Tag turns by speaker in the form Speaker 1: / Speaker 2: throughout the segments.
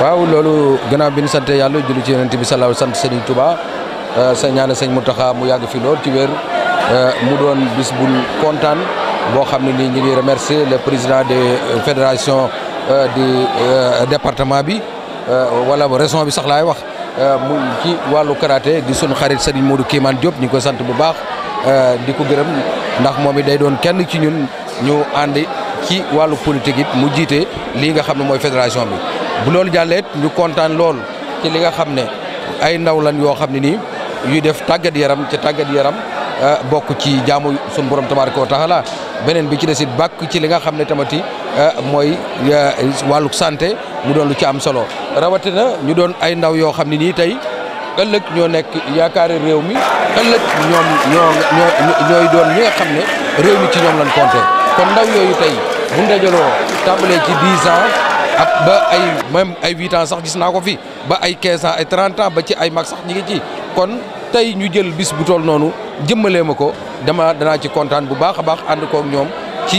Speaker 1: waaw loolu gannaaw bi ñu sant yàlla julli ci yonent bi salaaw sant Serigne tubaa euh, sa ñaana mu Mountakha mu yàgg fi lool ci wér euh, mu doon bis bu kontaan boo xam ne nii ñu ngi remercier le président de fédération euh, du département bi wala région bi sax laay wax mu ci wàllu karaate di sunu xarit Serigne Modou Kéemaan Diop ñu ngi ko sant bu baax di ko gërëm ndax moom day doon kenn ci ñun ñu àndi ci wàllu politique it mu jiite lii nga xam ne mooy fédération bi bu loolu jàlleet ñu kontaan lool ci li nga xam ne ay ndaw lan yoo xam ne nii yu def tàggat yaram ca tàggat yaram ah, bokk ci jaamu sun borom tabaaraka wa taala beneen bi ci des it bàkk ci li nga xam ne tamati ah, mooy ah, wàllu santé mu doon lu ci am solo rawatina ñu doon ay ndaw yoo xam ne nii tey. ëllëg ñoo nekk yaakaari réew mi ëllëg ñoom ñoo ñooy doon ñi nga xam ne réew mi ci ñoom lañ compté kon ndaw yooyu tey bu ndajaloo tàmbalee ci 10 ans ak ba ay même ay 8 ans sax gis naa ko fi ba ay 15 ans ay 30 ans ba ci ay mag sax ñi ngi ci kon tey ñu jël bis bu toll noonu jëmmalee ma ko dama danaa ci kontaan bu baax a baax ànd koog ñoom ci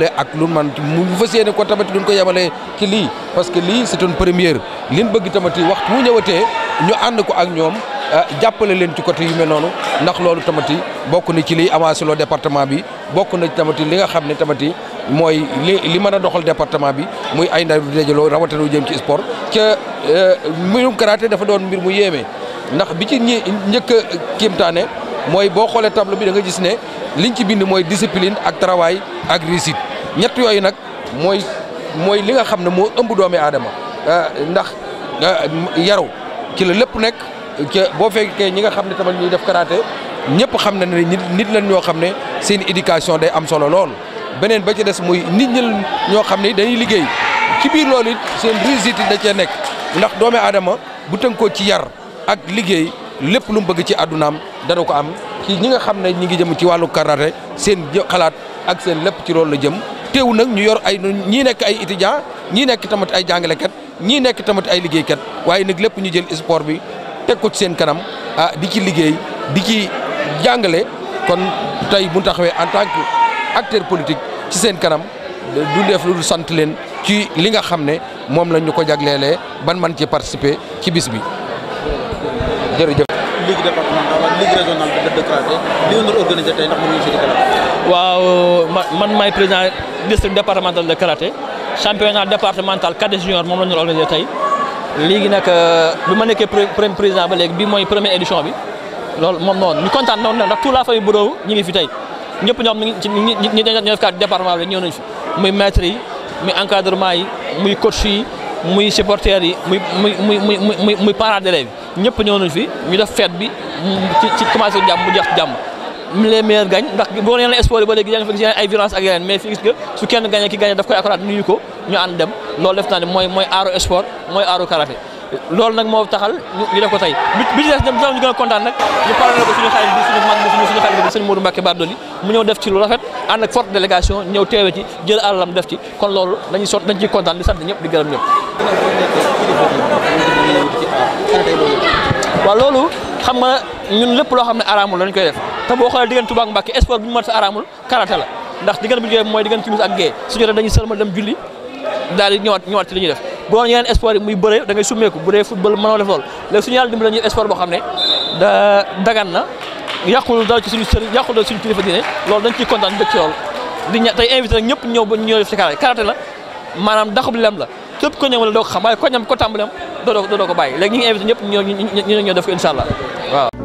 Speaker 1: le ak lu man mu fas yéene ko tamit duñ ko yemalee ci lii parce que lii c'est une première liñ bëgg tamit waxtu mu ñëwatee ñu ànd ko ak ñoom euh, jàppale leen ci côté yu mel noonu ndax loolu tamati bokk na ci liy avancé loo département bi bokku na tamati li nga xam ne tamati mooy li li mën a doxal département bi muy ay ndaw di dajaloo jëm ci sport ca euh, mbirum karaté dafa doon mbir mu yéeme ndax bi ci ñi njëkk a mooy boo xoolee tableau bi da nga gis ne liñ ci bind mooy discipline ak travail ak réussite yooyu nag mooy mooy li nga xam ne moo ëmb doomi aadama euh, ndax yaru ci la lépp nekk boo fekkee ñi nga xam ne tamat ñuy def karaté ñëpp xam na ne nit lañ ñoo xam ne seen éducation day am solo lool. beneen ba ci des muy nit ñi ñoo xam ne dañuy liggéey ci biir loolu it seen réussite da cee nekk ndax doomi aadama bu tënkoo ci yar ak liggéey lépp lu mu bëgg ci àddunaam dana ko am ci ñi nga xam ne ñi ngi jëm ci wàllu karaté seen xalaat ak seen lépp ci lool la jëm. teew nag ñu yor ay ñii nekk ay étudiants ñii nekk tamit ay jàngalekat ñi nekk tamit ay liggéeykat waaye nag lépp ñu jël sport bi teg ko ci seen kanam ah di ci liggéey di ci jàngale kon tey bu taxawee en tant que acteur politique ci seen kanam du def lu sant leen ci li nga xam ne moom la ñu ko jagleele ban man ci participer ci bis bi jërëjëf. ligue départementale ak ligue régionale
Speaker 2: bi de Kraté li ngeen doon organisé waaw man maay président district départemental de Kraté. championnat départemental cadets junior mom la ñu organisé tay ligui nak euh, bi ma premier président ba légui bi moy première édition bi loolu mom non ñu kontaan noonu nak tout la famille Bureau ñi ngi fi tay ñëpp ñoom ñu ngi ñu def département bi ñëw nañu fi muy maître yi muy encadrement yi muy coach yi muy supporters yi muy muy muy muy muy muy parents d'élèves ñëpp ñëw nañu fi ñu def fête bi ci ci commencé jàmm bu jeex jàmm. les meilleurs gagnent ndax bo leen espoir ba légui ya nga fa gis ay violence ak yeneen mais fi gis nga su kenn gagné ki gagné daf koy accordat nuyu ko ñu and dem loolu def naa ne mooy mooy aaru sport mooy aaru karaté loolu nag moo taxal ñu def ko tey bi ci dem ñu gën a kontaan ñu paralel ko suñu xarit bi suñu mag bi suñu xarit bi suñu Modou Mbacké Bardoli mu ñëw def ci lu rafet ànd ak forte délégation ñëw teewe ci jël alalam def ci kon loolu dañuy sot dañ ci kontaan di sant ñëpp di gërëm ñëpp waaw loolu xam nga ñun lepp lo xamne aramul lañ koy def ta bo xol digeen tuba ak Mbacke espoir bu ñu mën sa aramul karate la ndax digeen bu ñu mooy diggante timis ak gée su jotee dañuy selma dem julli dal ñewat ñewat ci li def bo yeneen espoir muy beure da ngay summeeku bu dee football mëno def lol léegi suñu yàlla dimbali ñu espoir bo xamne da dagan na yaqul da ci suñu sëri yaqul da suñu kilifa diine lol dañ ci contane bëgg ci lool di ña tey invité rek ñepp ñew ba ñëw def ci karate karate la manam daxub lem la képp ko ñewal la doo ko xam waaye ko ñam ko tàmbalem do do ko baye leg ñi invité ñepp ñoo ñoo def ko inshallah waaw